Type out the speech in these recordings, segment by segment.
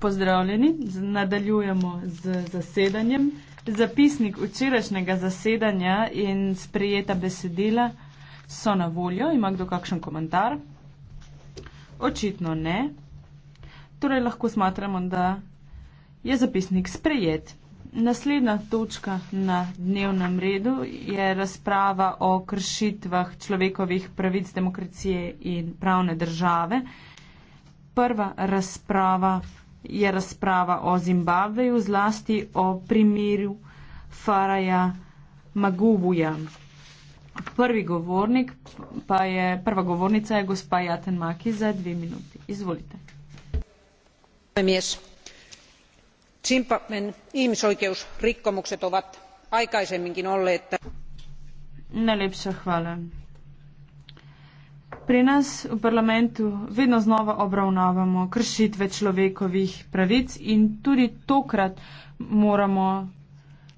Pozdravljeni, nadaljujemo z zasedanjem. Zapisnik včerajšnjega zasedanja in sprejeta besedila so na voljo. Ima kdo kakšen komentar? Očitno ne. Torej lahko smatramo, da je zapisnik sprejet. Naslednja točka na dnevnem redu je razprava o kršitvah človekovih pravic demokracije in pravne države. Prva razprava je razprava o Zimbabveju, zlasti o primiru Faraja Maguvuja. Prvi govornik pa je, prva govornica je gospa Jaten Maki za dve minuti. Izvolite. Premiješ zimbabwen ihmisoikeusrikkomukset ovat aikaisemminkin olleet najlepša hvala Pri nas v parlamentu vedno znova obravnavamo kršitve človekovih pravic in tudi tokrat moramo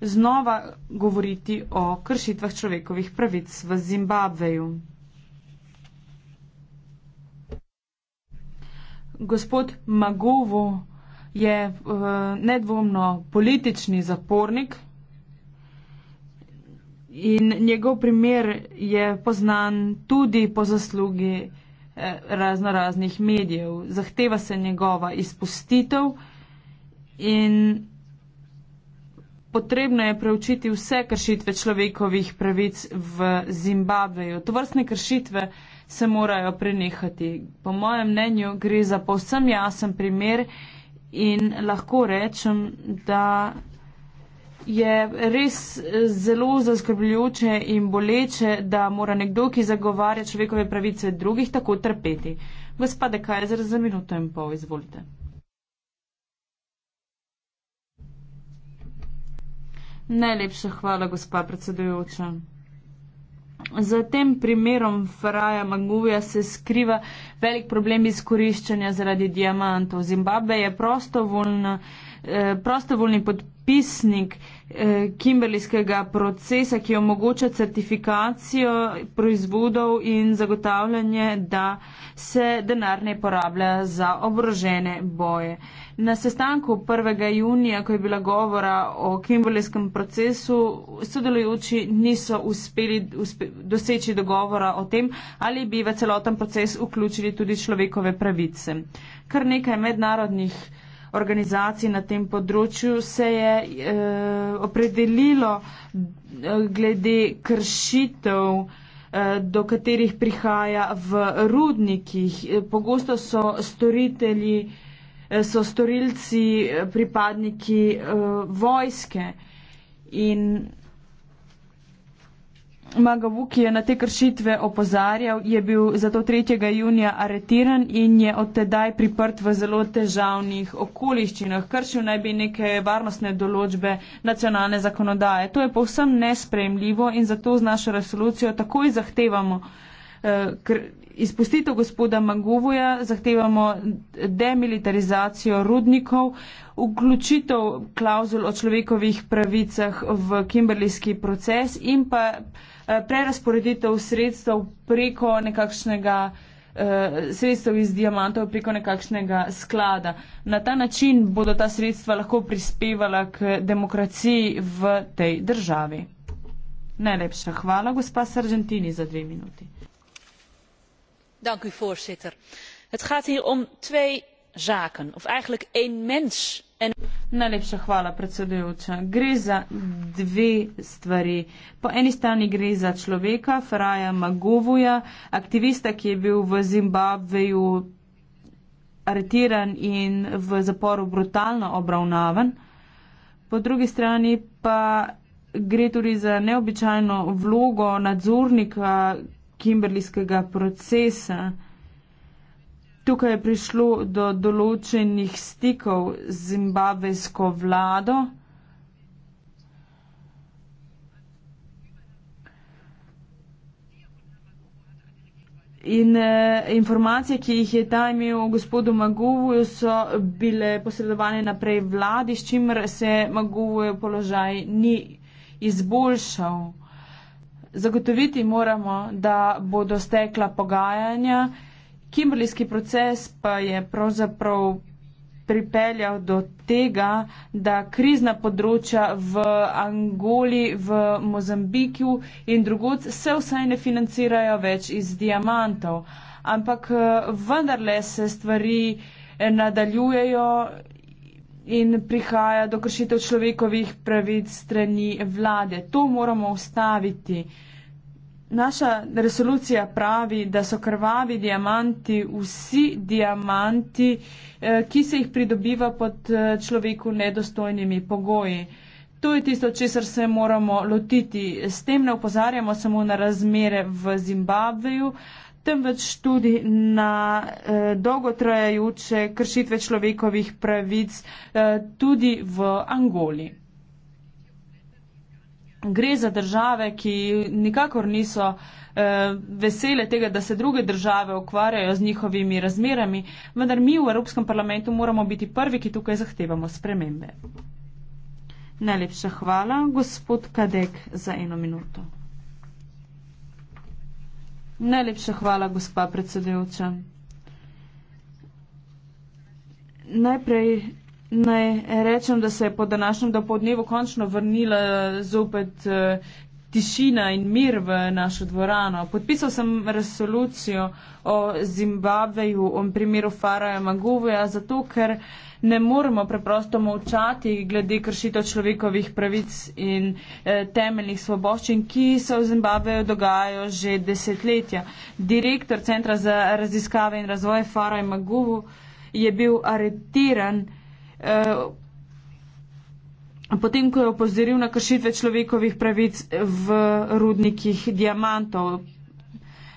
znova govoriti o kršitvah človekovih pravic v Zimbabveju. Gospod Magovo, je uh, nedvomno politični zapornik in njegov primer je poznan tudi po zaslugi eh, razno raznih medijev. Zahteva se njegova izpustitev in potrebno je preučiti vse kršitve človekovih pravic v Zimbabveju. Tovrstne kršitve se morajo prenehati. Po mojem mnenju gre za povsem jasen primer, in lahko rečem, da je res zelo zaskrbljujoče in boleče, da mora nekdo, ki zagovarja človekove pravice drugih, tako trpeti. Gospa Dekajzer, za minuto in pol, izvolite. Najlepša hvala, gospa predsedujoča. Za tem primerom Faraja Maguja se skriva velik problem izkoriščanja zaradi diamantov. Zimbabve je prostovoljna. Eh, prostovoljni podpisnik eh, kimberlijskega procesa, ki omogoča certifikacijo proizvodov in zagotavljanje, da se denar ne porablja za obrožene boje. Na sestanku 1. junija, ko je bila govora o kimbolijskem procesu, sodelujoči niso uspeli uspe, doseči dogovora o tem, ali bi v celoten proces vključili tudi človekove pravice. Kar nekaj mednarodnih organizacij na tem področju se je e, opredelilo eh, glede kršitev eh, do katerih prihaja v rudnikih. Pogosto so storitelji eh, Eh, so storilci eh, pripadniki eh, vojske. In Magavuki je na te kršitve opozarjal, je bil zato 3. junija aretiran in je od tedaj priprt v zelo težavnih okoliščinah. Kršil naj bi neke varnostne določbe nacionalne zakonodaje. To je povsem nespremljivo in zato z našo resolucijo takoj zahtevamo izpustitev gospoda Magovoja, zahtevamo demilitarizacijo rudnikov, vključitev klauzul o človekovih pravicah v kimberlijski proces in pa eh, prerasporeditev sredstev preko nekakšnega eh, sredstev iz diamantov preko nekakšnega sklada. Na ta način bodo ta sredstva lahko prispevala k demokraciji v tej državi. Najlepša hvala, gospa Sargentini, za dve minuti voorzitter het gaat hier om twee zaken of eigenlijk één mens en. najlepša hvala predsedujoča gre za dve stvari po eni strani gre za človeka faraja magovuja aktivista ki je bil v zimbabveju aretiran in v zaporu brutalno obravnavan po drugi strani pa gre tudi za neobičajno vlogo nadzornika kimberlijskega procesa. Tukaj je prišlo do določenih stikov z zimbabvesko vlado. In eh, informacije, ki jih je ta imel o gospodu Maguvu, so bile posredovane naprej vladi, s čimer se Maguvu položaj ni izboljšal. Zagotoviti moramo, da bodo stekla pogajanja. Kimberlijski proces pa je pravzaprav pripeljal do tega, da krizna področja v Angoli, v Mozambiku in drugod se vsaj ne financirajo več iz diamantov. Ampak eh, vendarle se stvari nadaljujejo in prihaja do kršitev človekovih pravic strani vlade. To moramo ustaviti. Naša resolucija pravi, da so krvavi diamanti vsi diamanti, eh, ki se jih pridobiva pod eh, človeku nedostojnimi pogoji. To je tisto, česar se moramo lotiti. S tem ne upozarjamo samo na razmere v Zimbabveju, temveč tudi na eh, dolgotrajajoče kršitve človekovih pravic eh, tudi v Angoli. Gre za države, ki nikakor niso eh, vesele tega, da se druge države ukvarjajo z njihovimi razmerami, vendar mi v Evropskem parlamentu moramo biti prvi, ki tukaj zahtevamo spremembe. Najlepša hvala, gospod Kadek, za eno minuto. Najlepša hvala, gospa predsedujoča. Najprej naj rečem, da se je po današnjem dopodnevu končno vrnila zopet eh, tišina in mir v našo dvorano. Podpisal sem resolucijo o Zimbabveju, o primeru Faraja Maguvoja, zato ker ne moremo preprosto molčati glede kršitev človekovih pravic in eh, temeljnih svoboščin, ki se v Zimbabveju dogajajo že desetletja. Direktor Centra za raziskave in razvoj Faraj Maguvo je bil aretiran. Eh, potem, ko je opozoril na kršitve človekovih pravic v rudnikih diamantov.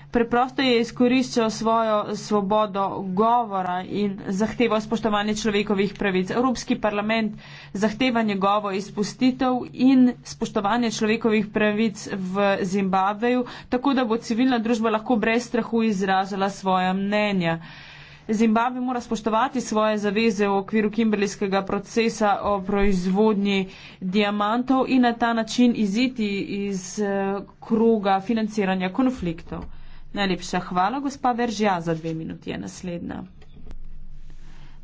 Preprosto je izkoriščal svojo svobodo govora in zahtevo spoštovanje človekovih pravic. Evropski parlament zahteva njegovo izpustitev in spoštovanje človekovih pravic v Zimbabveju, tako da bo civilna družba lahko brez strahu izražala svoja mnenja. Uh, Zimbabve mora spoštovati svoje zaveze v okviru kimberlijskega procesa o proizvodnji diamantov in na ta način iziti iz eh, kruga financiranja konfliktov. Najlepša hvala, gospa Veržja, za dve minuti je naslednja.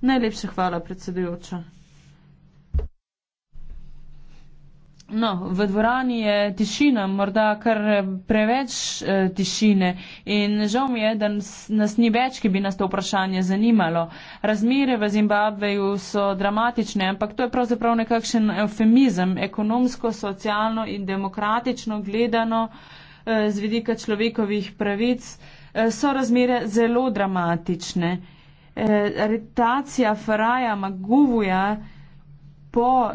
Najlepša hvala, predsedujoča. No, v dvorani je tišina, morda kar eh, preveč e, tišine in žal mi je, da nas, nas ni več, ki bi nas to vprašanje zanimalo. Razmere v Zimbabveju so dramatične, ampak to je pravzaprav nekakšen eufemizem, ekonomsko, socialno in demokratično gledano e, z vidika človekovih pravic, e, so razmere zelo dramatične. E, aretacija Faraja Maguvuja po uh,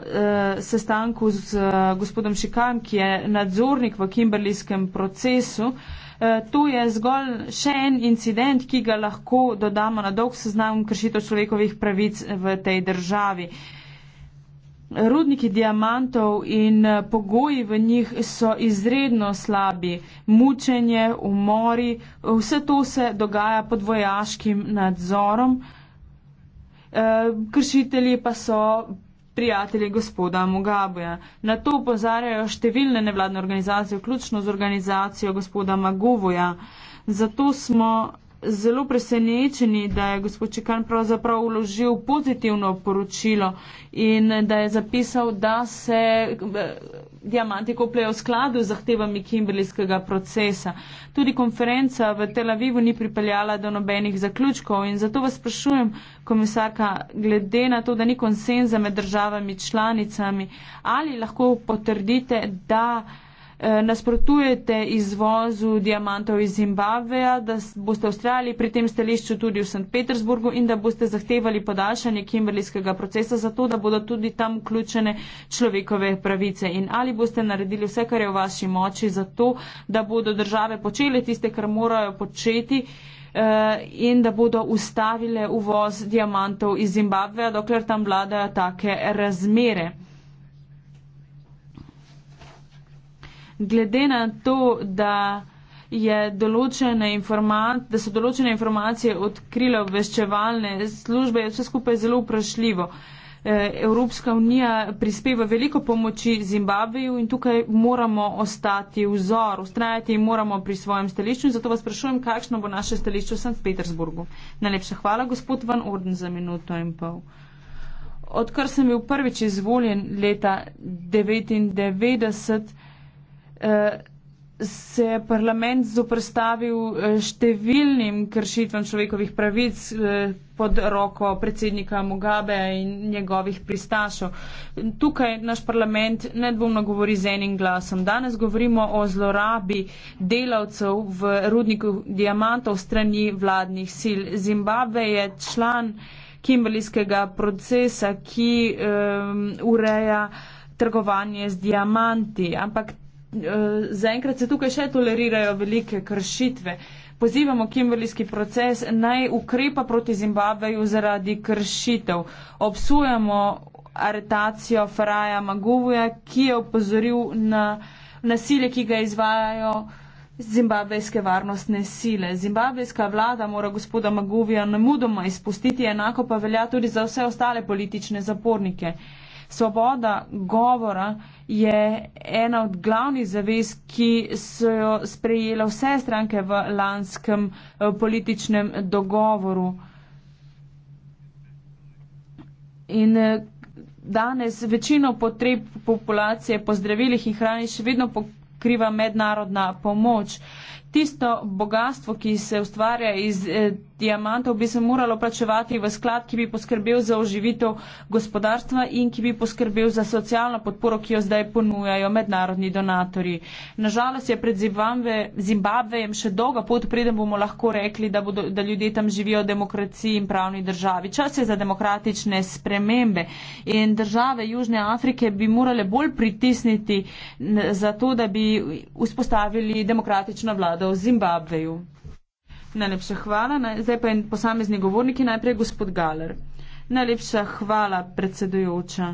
sestanku z uh, gospodom Šikan, ki je nadzornik v kimberlijskem procesu. Eh, to je zgolj še en incident, ki ga lahko dodamo na dolg seznam kršitev človekovih pravic v tej državi. Rudniki diamantov in pogoji v njih so izredno slabi. Mučenje, umori, vse to se dogaja pod vojaškim nadzorom. Kršitelji pa so prijatelji gospoda Mugabeja. Na to upozarjajo številne nevladne organizacije, vključno z organizacijo gospoda Maguvoja. Zato smo zelo presenečeni, da je gospod Čekan pravzaprav uložil pozitivno poročilo in da je zapisal, da se diamanti kopljajo v skladu z zahtevami kimberlijskega procesa. Tudi konferenca v Tel Avivu ni pripeljala do nobenih zaključkov in zato vas sprašujem, komisarka, glede na to, da ni konsenza med državami članicami, ali lahko potrdite, da nasprotujete izvozu diamantov iz Zimbabveja, da boste ustrajali pri tem stališču tudi v St. Petersburgu in da boste zahtevali podaljšanje kimberlijskega procesa zato, da bodo tudi tam vključene človekove pravice. In ali boste naredili vse, kar je v vaši moči, zato, da bodo države počele tiste, kar morajo početi eh, in da bodo ustavile uvoz diamantov iz Zimbabveja, dokler tam vladajo take razmere. glede na to, da, da so določene informacije odkrile obveščevalne službe, je vse skupaj zelo vprašljivo. E, Evropska unija prispeva veliko pomoči Zimbabveju in tukaj moramo ostati vzor, ustrajati moramo pri svojem stališču in zato vas sprašujem, kakšno bo naše stališče v St. Petersburgu. Najlepša hvala, gospod Van Orden, za minuto in pol. Odkar sem bil prvič izvoljen leta 1999. Eh, se je parlament zoprstavil eh, številnim kršitvam človekovih pravic eh, pod roko predsednika Mugabe in njegovih pristašov. Tukaj naš parlament nedvomno govori z enim glasom. Danes govorimo o zlorabi delavcev v rudniku diamantov strani vladnih sil. Zimbabve je član kimberlijskega procesa, ki um, ureja trgovanje z diamanti, ampak Eh, zaenkrat se tukaj še tolerirajo velike kršitve. Pozivamo kimberlijski proces naj ukrepa proti Zimbabveju zaradi kršitev. Obsujemo aretacijo Faraja Maguvuja, ki je upozoril na nasilje, ki ga izvajajo zimbabvejske varnostne sile. Zimbabvejska vlada mora gospoda Maguvija namudoma izpustiti, enako pa velja tudi za vse ostale politične zapornike. Svoboda govora je ena od glavnih zavez, ki so jo sprejela vse stranke v lanskem eh, političnem dogovoru. In eh, danes večino potreb populacije po zdravilih in hrani še vedno pokriva mednarodna pomoč, tisto bogatstvo, ki se ustvarja iz eh, diamantov, bi se moralo plačevati v sklad, ki bi poskrbel za oživitev gospodarstva in ki bi poskrbel za socialno podporo, ki jo zdaj ponujajo mednarodni donatori. Nažalost je pred Zimbabvejem še dolga pot, preden bomo lahko rekli, da, bodo, da ljudje tam živijo v demokraciji in pravni državi. Čas je za demokratične spremembe in države Južne Afrike bi morale bolj pritisniti za to, da bi vzpostavili demokratično vlado vlado v Zimbabveju. Najlepša hvala. Zdaj pa en posamezni govornik, najprej gospod Galer. Najlepša hvala, predsedujoča.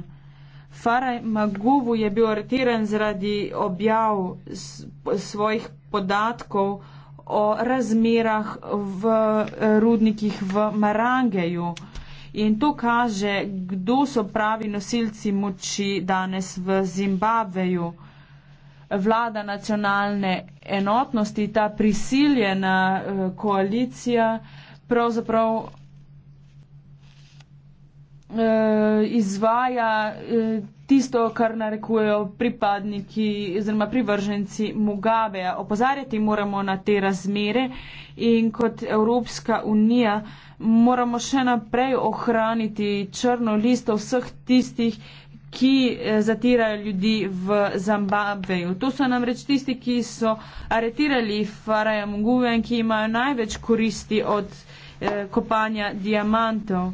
Faraj Magovu je bil aretiran zaradi objav svojih podatkov o razmerah v eh, rudnikih v Marangeju. In to kaže, kdo so pravi nosilci moči danes v Zimbabveju vlada nacionalne enotnosti, ta prisiljena eh, koalicija, pravzaprav eh, izvaja eh, tisto, kar narekujejo pripadniki oziroma privrženci Mugabe. Opozarjati moramo na te razmere in kot Evropska unija moramo še naprej ohraniti črno listo vseh tistih, ki eh, zatirajo ljudi v Zimbabveju. To so namreč tisti, ki so aretirali Faraja Mugube in ki imajo največ koristi od eh, kopanja diamantov.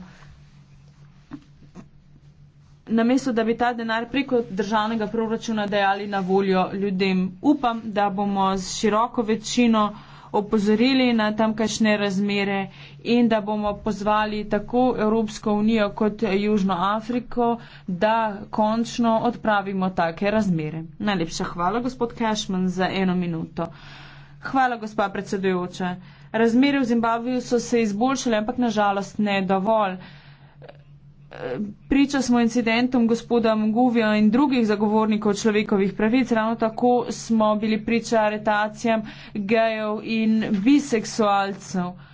Namesto, da bi ta denar preko državnega proračuna dejali na voljo ljudem, upam, da bomo s široko večino eh, opozorili na tamkajšnje razmere in da bomo pozvali tako Evropsko unijo kot Južno Afriko, da končno odpravimo take razmere. Najlepša hvala, gospod Cashman, za eno minuto. Hvala, gospa predsedujoča. Razmere v Zimbabveju so se izboljšale, ampak nažalost ne dovolj. Priča smo incidentom gospoda Mugovija in drugih zagovornikov človekovih pravic, ravno tako smo bili priča aretacijam gejev in biseksualcev. Uh,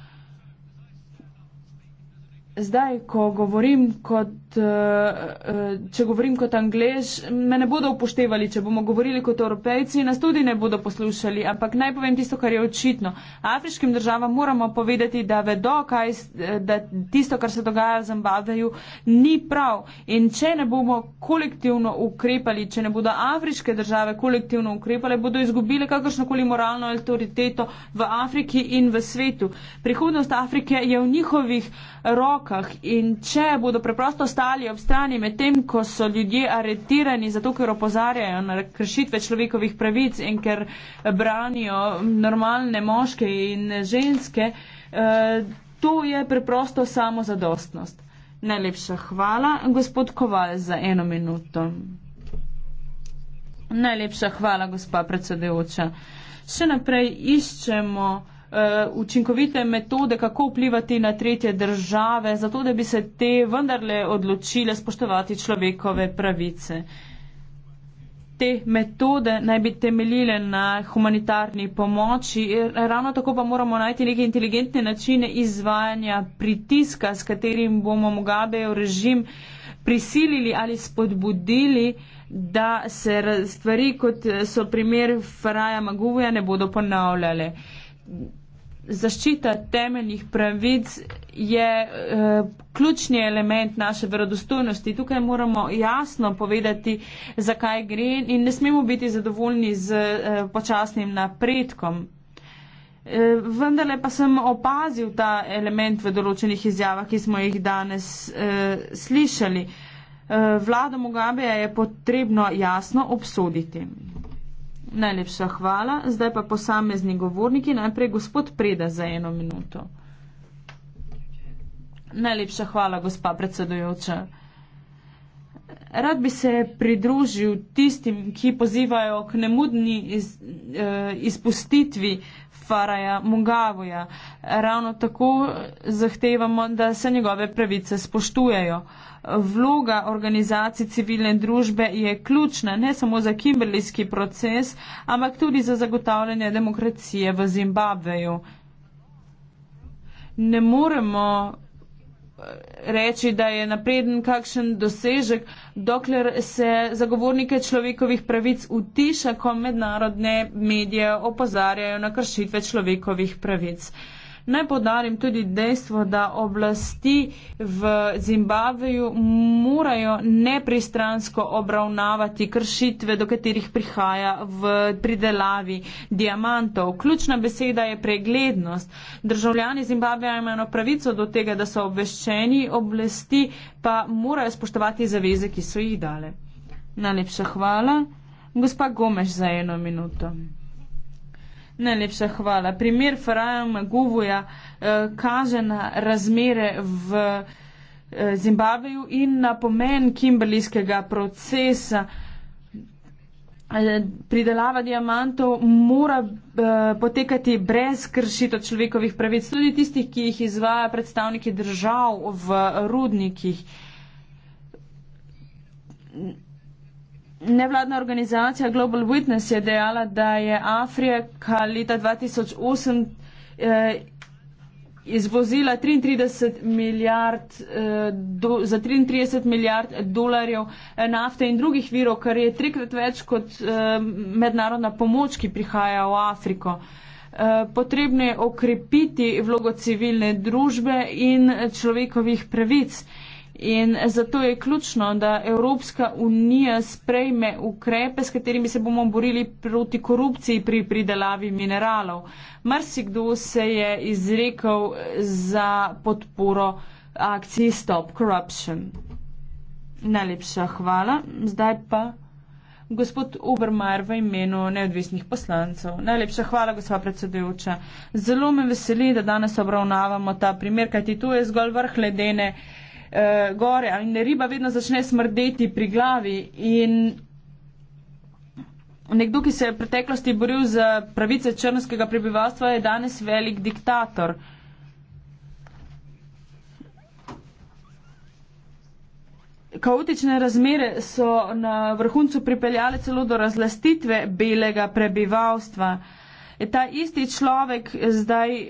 zdaj, ko govorim kot, eh, eh, če govorim kot anglež, me ne bodo upoštevali, če bomo govorili kot evropejci, nas tudi ne bodo poslušali, ampak naj povem tisto, kar je očitno. Afriškim državam moramo povedati, da vedo, kaj, eh, da tisto, kar se dogaja v Zimbabveju, ni prav. In če ne bomo kolektivno ukrepali, če ne bodo afriške države kolektivno ukrepale, bodo izgubile kakršnokoli moralno avtoriteto v Afriki in v svetu. Prihodnost Afrike je v njihovih rokah rokah. In če bodo preprosto stali ob strani med tem, ko so ljudje aretirani zato, ker opozarjajo na kršitve človekovih pravic in ker eh, branijo normalne moške in ženske, eh, to je preprosto samo zadostnost. Najlepša hvala, gospod Koval, za eno minuto. Najlepša hvala, gospa predsedujoča. Še naprej iščemo. Eh, učinkovite metode, kako vplivati na tretje države, zato da bi se te vendarle odločile spoštovati človekove pravice. Te metode naj bi temeljile na humanitarni pomoči, ravno tako pa moramo najti neke inteligentne načine izvajanja pritiska, s katerim bomo Mugabejo režim prisilili ali spodbudili, da se stvari, kot so primer Faraja Maguja, ne bodo ponavljale. Uh, zaščita temeljnih pravic je e, ključni element naše verodostojnosti. Tukaj moramo jasno povedati, zakaj gre in ne smemo biti zadovoljni z e, počasnim napredkom. E, vendarle pa sem opazil ta element v določenih izjavah, ki smo jih danes e, slišali. Vlado Mugabeja je potrebno jasno obsoditi. Najlepša hvala. Zdaj pa posamezni govorniki. Najprej gospod Preda za eno minuto. Najlepša hvala, gospa predsedujoča. Rad bi se pridružil tistim, ki pozivajo k nemudni iz, eh, izpustitvi Faraja Mugavoja. Ravno tako zahtevamo, da se njegove pravice spoštujejo. Vloga organizacij civilne družbe je ključna ne samo za kimberlijski proces, ampak tudi za zagotavljanje demokracije v Zimbabveju. Ne moremo reči, da je napreden kakšen dosežek, dokler se zagovornike človekovih pravic utiša, ko mednarodne medije opozarjajo na kršitve človekovih pravic. Uh, Naj podarim tudi dejstvo, da oblasti v Zimbabveju morajo nepristransko obravnavati kršitve, do katerih prihaja v pridelavi diamantov. Ključna beseda je preglednost. Državljani Zimbabveja imajo pravico do tega, da so obveščeni, oblasti pa morajo spoštovati zaveze, ki so jih dale. Najlepša hvala. Gospa Gomeš za eno minuto. Najlepša hvala. Primer Faraja Maguvoja eh, kaže na razmere v eh, Zimbabveju in na pomen kimberlijskega procesa. Eh, pridelava diamantov mora eh, potekati brez kršitev človekovih pravic, tudi tistih, ki jih izvaja predstavniki držav v rudnikih. Nevladna organizacija Global Witness je dejala, da je Afrika leta 2008 eh, izvozila 33 milijard, eh, do, za 33 milijard dolarjev eh, nafte in drugih virov, kar je trikrat več kot eh, mednarodna pomoč, ki prihaja v Afriko. Eh, potrebno je okrepiti vlogo civilne družbe in človekovih pravic. In zato je ključno, da Evropska unija sprejme ukrepe, s katerimi se bomo borili proti korupciji pri pridelavi mineralov. Mrsikdo se je izrekel za podporo akciji Stop Corruption. Najlepša hvala. Zdaj pa gospod Obermar v imenu neodvisnih poslancev. Najlepša hvala, gospod predsedujoča. Zelo me veseli, da danes obravnavamo ta primer, kajti tu je zgolj vrh ledene uh, gore in riba vedno začne smrdeti pri glavi. In nekdo, ki se je v preteklosti boril za pravice črnskega prebivalstva, je danes velik diktator. Kaotične razmere so na vrhuncu pripeljale celo do razlastitve belega prebivalstva ta isti človek zdaj eh,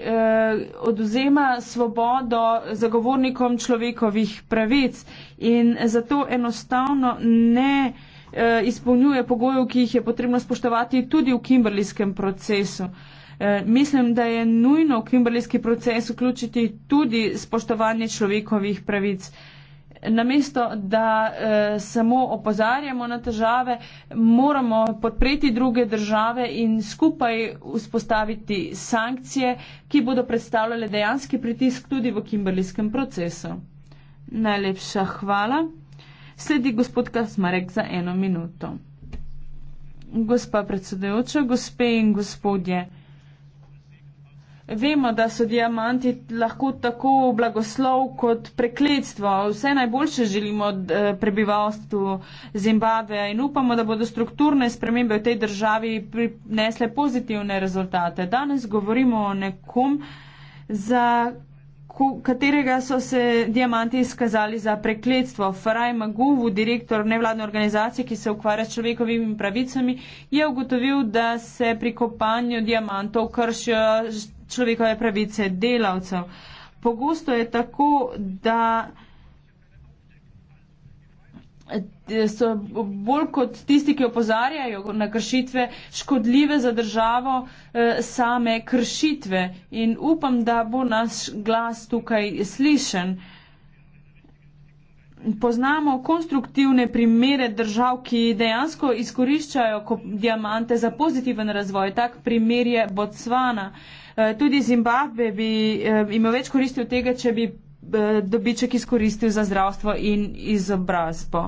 oduzema svobodo zagovornikom človekovih pravic in zato enostavno ne eh, izpolnjuje pogojev, ki jih je potrebno spoštovati tudi v kimberlijskem procesu. Eh, mislim, da je nujno v kimberlijski proces vključiti tudi spoštovanje človekovih pravic. Eh, namesto, da eh, samo opozarjamo na težave, moramo podpreti druge države in skupaj vzpostaviti sankcije, ki bodo predstavljale dejanski pritisk tudi v kimberlijskem procesu. Najlepša hvala. Sledi gospod Kasmarek za eno minuto. Gospa predsedujoča, gospe in gospodje. Vemo, da so diamanti lahko tako blagoslov kot prekletstvo. Vse najboljše želimo eh, prebivalstvu Zimbabveja in upamo, da bodo strukturne spremembe v tej državi prinesle pozitivne rezultate. Danes govorimo o nekom, za katerega so se diamanti izkazali za prekletstvo. Faraj Maguvu, direktor nevladne organizacije, ki se ukvarja s človekovimi pravicami, je ugotovil, da se pri kopanju diamantov kršijo človekove pravice delavcev. Pogosto je tako, da eh, so bolj kot tisti, ki opozarjajo na kršitve, škodljive za državo eh, same kršitve. In upam, da bo naš glas tukaj slišen. Poznamo konstruktivne primere držav, ki dejansko izkoriščajo diamante za pozitiven razvoj. Tak primer je Botswana. Eh, tudi Zimbabve bi eh, imel več koristi od tega, če bi eh, dobiček izkoristil za zdravstvo in izobrazbo.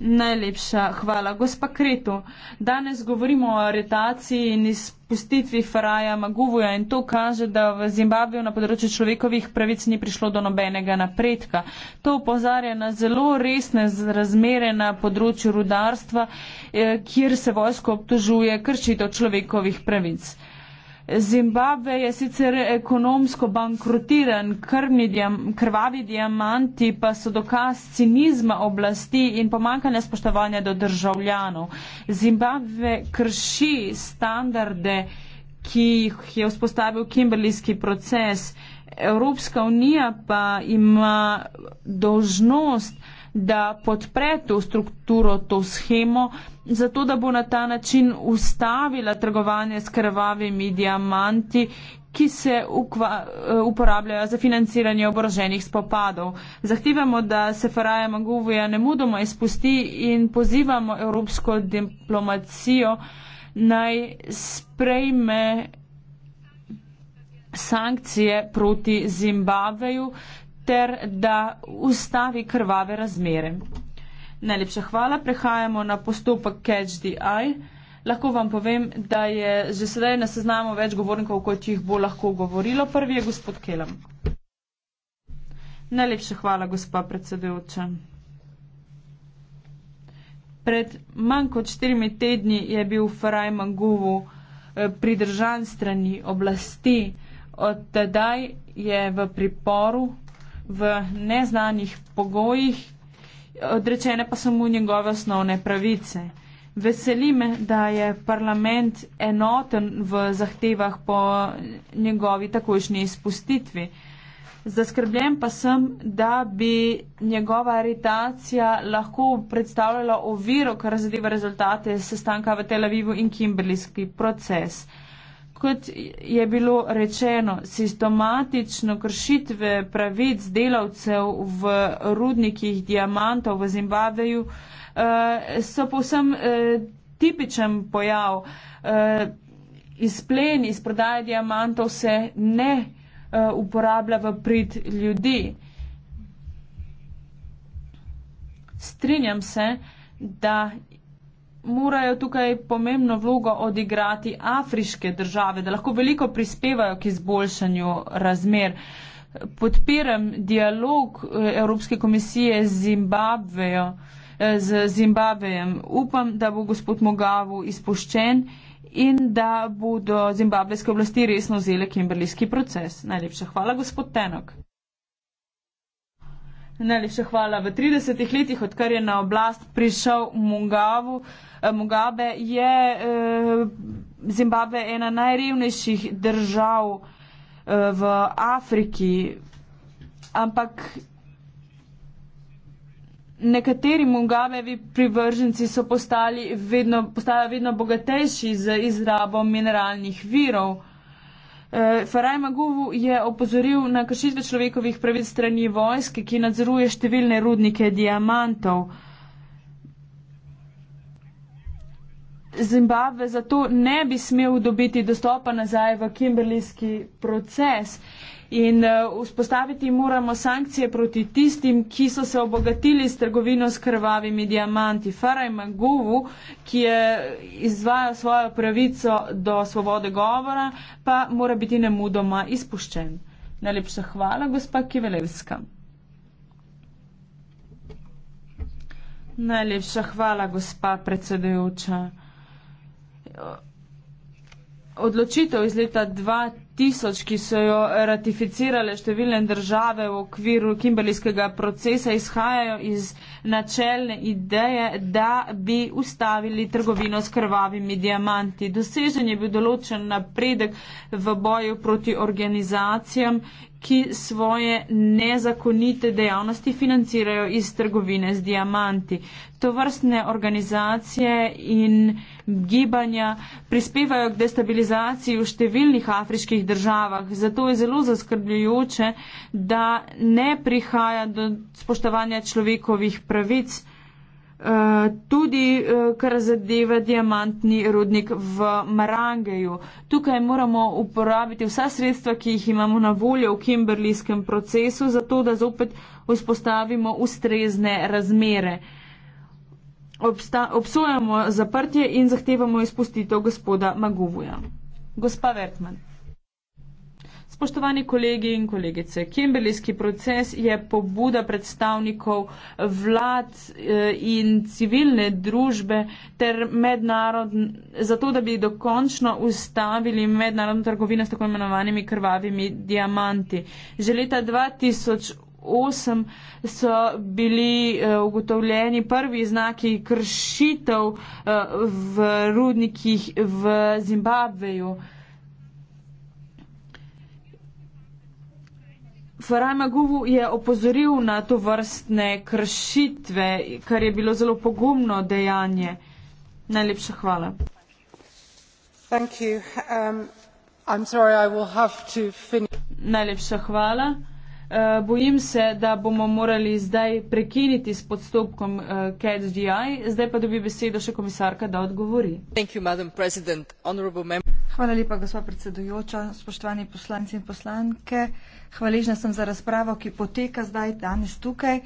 Najlepša hvala. Gospa Kretu, danes govorimo o aretaciji in izpustitvi Faraja Maguvuja in to kaže, da v Zimbabveju na področju človekovih pravic ni prišlo do nobenega napredka. To upozarja na zelo resne razmere na področju rudarstva, eh, kjer se vojsko obtožuje kršitev človekovih pravic. Zimbabve je sicer ekonomsko bankrotiran, diam, krvavi diamanti pa so dokaz cinizma oblasti in pomankanja spoštovanja do državljanov. Zimbabve krši standarde, ki jih je vzpostavil Kimberlijski proces. Evropska unija pa ima dožnost, da podpre to strukturo, to schemo, zato da bo na ta način ustavila trgovanje s krvavimi diamanti, ki se ukva, eh, uporabljajo za financiranje oboroženih spopadov. Zahtevamo, da se Faraja Maguvija ne mudoma izpusti in pozivamo evropsko diplomacijo naj sprejme sankcije proti Zimbabveju, ter da ustavi krvave razmere. Najlepša hvala, prehajamo na postopek Catch the Eye. Lahko vam povem, da je že sedaj na seznamu več govornikov, kot jih bo lahko govorilo. Prvi je gospod Kelam. Najlepša hvala, gospa predsedujoča. Pred manj kot štirimi tedni je bil Faraj Manguvu eh, pridržan strani oblasti. Od tedaj je v priporu v neznanih pogojih, odrečene pa so mu njegove osnovne pravice. Veseli me, da je parlament enoten v zahtevah po njegovi takošnji izpustitvi. Zaskrbljen pa sem, da bi njegova aritacija lahko predstavljala oviro, kar zadeva rezultate sestanka v Tel Avivu in Kimberlijski proces kot je bilo rečeno, sistematično kršitve pravic delavcev v rudnikih diamantov v Zimbabveju eh, so povsem eh, tipičen pojav. Eh, Izplen iz prodaje diamantov se ne uporablja v prid ljudi. Strinjam se, da morajo tukaj pomembno vlogo odigrati afriške države, da lahko veliko prispevajo k izboljšanju razmer. Podpiram dialog eh, Evropske komisije z Zimbabvejo. Eh, z Zimbabvejem. Upam, da bo gospod Mogavu izpuščen in da bodo zimbabvejske oblasti resno vzele kimberlijski proces. Najlepša hvala, gospod Tenok. Najlepša hvala. V 30 letih, odkar je na oblast prišel Mugavu, eh, Mugabe, je eh, Zimbabve ena najrevnejših držav eh, v Afriki. Ampak nekateri Mugabevi privrženci so postali vedno, vedno bogatejši z izrabo mineralnih virov. Eh, Faraj Maguvu je opozoril na kršitve človekovih pravic strani vojske, ki nadzoruje številne rudnike diamantov. Zimbabve zato ne bi smel dobiti dostopa nazaj v kimberlijski proces in eh, vzpostaviti moramo sankcije proti tistim, ki so se obogatili s trgovino s krvavimi diamanti. Faraj Maguvu, ki je izvajal svojo pravico do svobode govora, pa mora biti nemudoma izpuščen. Najlepša hvala, gospa Kivelevska. Najlepša hvala, gospa predsedujoča. Odločitev iz leta 2000 tisoč, ki so jo ratificirale številne države v okviru kimberlijskega procesa, izhajajo iz načelne ideje, da bi ustavili trgovino s krvavimi diamanti. Dosežen je bil določen napredek v boju proti organizacijam, ki svoje nezakonite dejavnosti financirajo iz trgovine z diamanti. To vrstne organizacije in gibanja prispevajo k destabilizaciji v številnih afriških drugih državah. Zato je zelo zaskrbljujoče, da ne prihaja do spoštovanja človekovih pravic. Eh, tudi, eh, kar zadeva diamantni rudnik v Marangeju. Tukaj moramo uporabiti vsa sredstva, ki jih imamo na voljo v kimberlijskem procesu, zato da zopet vzpostavimo ustrezne razmere. Obsta obsojamo zaprtje in zahtevamo izpustitev gospoda Maguvuja. Gospa Vertman. Spoštovani kolegi in kolegice, kimberlijski proces je pobuda predstavnikov vlad eh, in civilne družbe ter mednarodne, zato da bi dokončno ustavili mednarodno trgovino s tako imenovanimi krvavimi diamanti. Že leta 2008 so bili eh, ugotovljeni prvi znaki kršitev eh, v rudnikih v Zimbabveju. Faraj Magovu je opozoril na to vrstne kršitve, kar je bilo zelo pogumno dejanje. Najlepša hvala. Thank you. Um, I'm sorry, I will have to Najlepša hvala. Uh, bojim se, da bomo morali zdaj prekiniti s podstopkom uh, CADGI, zdaj pa dobi besedo še komisarka, da odgovori. Thank you, Hvala lepa, gospod predsedujoča, spoštovani poslanci in poslanke. Hvaležna sem za razpravo, ki poteka zdaj danes tukaj.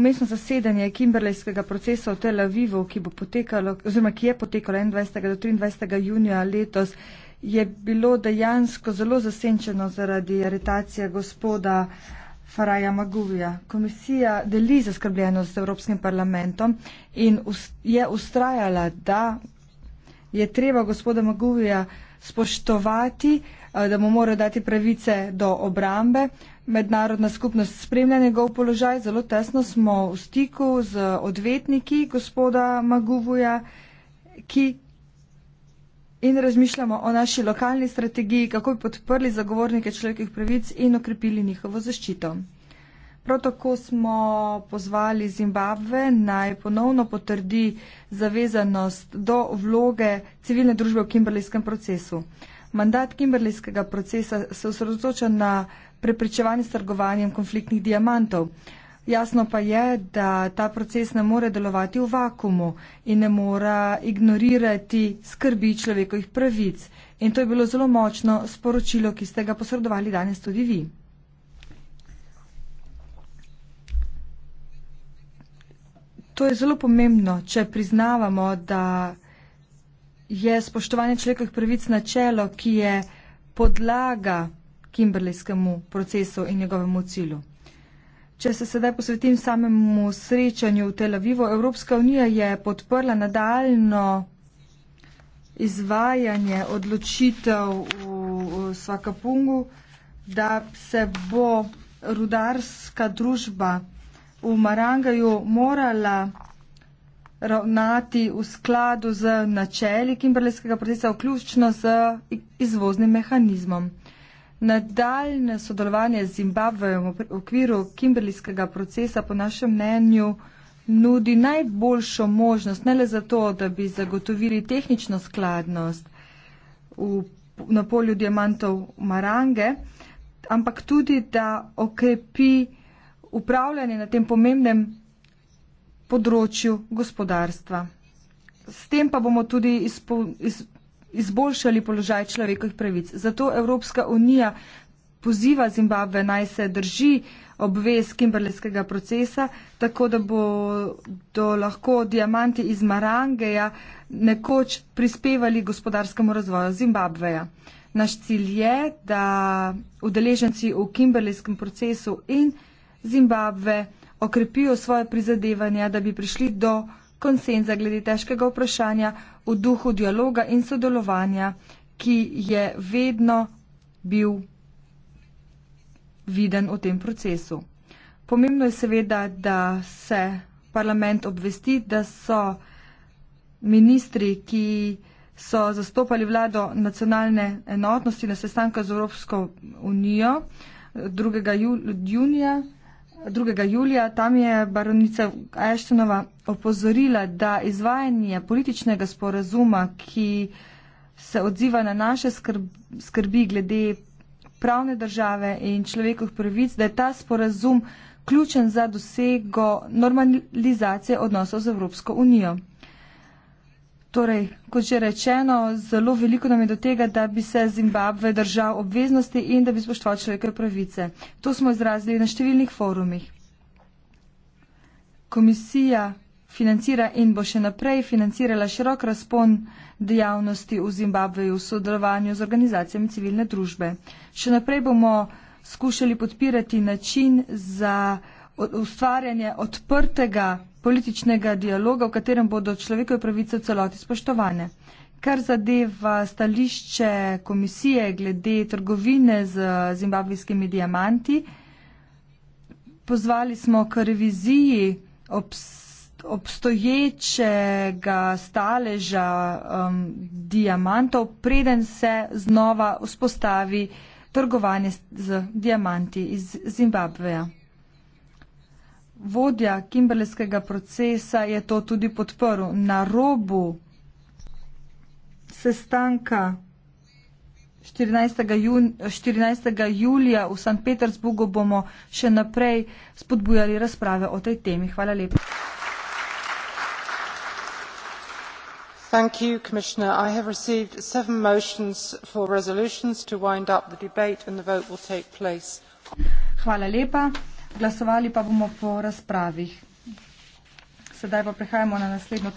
Umestno zasedanje kimberlejskega procesa v Tel Avivu, ki, bo potekalo, oziroma, ki je potekalo 21. do 23. junija letos, je bilo dejansko zelo zasenčeno zaradi aretacije gospoda Faraja Maguvija. Komisija deli zaskrbljenost z Evropskim parlamentom in je ustrajala, da je treba gospoda Maguvija spoštovati, eh, da mu mora dati pravice do obrambe. Mednarodna skupnost spremlja njegov položaj, zelo tesno smo v stiku z odvetniki gospoda Maguvuja, ki in razmišljamo o naši lokalni strategiji, kako bi podprli zagovornike človekih pravic in okrepili njihovo zaščito. Prav tako smo pozvali Zimbabve naj ponovno potrdi zavezanost do vloge civilne družbe v kimberlijskem procesu. Mandat kimberlijskega procesa se osredotoča na prepričevanje s trgovanjem konfliktnih diamantov. Jasno pa je, da ta proces ne more delovati v vakumu in ne mora ignorirati skrbi človekovih pravic. In to je bilo zelo močno sporočilo, ki ste ga posredovali danes tudi vi. to je zelo pomembno, če priznavamo, da je spoštovanje človekovih pravic načelo, ki je podlaga kimberlejskemu procesu in njegovemu cilju. Če se sedaj posvetim samemu srečanju v Tel Avivu, Evropska unija je podprla nadaljno izvajanje odločitev v Svakapungu, da se bo rudarska družba v Marangaju morala ravnati v skladu z načeli kimberlijskega procesa, vključno z izvoznim mehanizmom. Nadaljne sodelovanje z Zimbabvejem v okviru kimberlijskega procesa po našem mnenju nudi najboljšo možnost, ne le zato, da bi zagotovili tehnično skladnost v, na polju diamantov Marange, ampak tudi, da okrepi okay, upravljanje na tem pomembnem področju gospodarstva. S tem pa bomo tudi izpo, iz, izboljšali položaj človekovih pravic. Zato Evropska unija poziva Zimbabve naj se drži obvez kimberleskega procesa, tako da bodo lahko diamanti iz Marangeja nekoč prispevali gospodarskemu razvoju Zimbabveja. Naš cilj je, da udeleženci v kimberleskem procesu in Zimbabve okrepijo svoje prizadevanja, da bi prišli do konsenza glede težkega vprašanja v duhu dialoga in sodelovanja, ki je vedno bil viden v tem procesu. Pomembno je seveda, da se parlament obvesti, da so ministri, ki so zastopali vlado nacionalne enotnosti na sestanku z Evropsko unijo 2. junija, 2. julija. Tam je baronica Ashtonova opozorila, da izvajanje političnega sporazuma, ki se odziva na naše skrbi, skrbi glede pravne države in človekovih prvic, da je ta sporazum ključen za dosego normalizacije odnosov z Evropsko unijo. Torej, kot že rečeno, zelo veliko nam je do tega, da bi se Zimbabve držal obveznosti in da bi spoštoval človekove pravice. To smo izrazili na številnih forumih. Komisija financira in bo še naprej financirala širok razpon dejavnosti v Zimbabveju v sodelovanju z organizacijami civilne družbe. Še naprej bomo skušali podpirati način za ustvarjanje odprtega političnega dialoga, v katerem bodo človekove pravice v celoti spoštovane. Kar zadeva stališče komisije glede trgovine z zimbabvijskimi diamanti, pozvali smo k reviziji obstoječega staleža um, diamantov, preden se znova vzpostavi trgovanje z diamanti iz Zimbabveja vodja kimberleskega procesa je to tudi podporil. Na robu sestanka 14. Jun, 14. julija v St. Petersburgu bomo še naprej spodbujali razprave o tej temi. Hvala lepa. Thank you, Commissioner. I have received seven motions for resolutions to wind up the debate and the vote will take place. Hvala lepa. Glasovali pa bomo po razpravih. Sedaj pa prehajamo na naslednjo.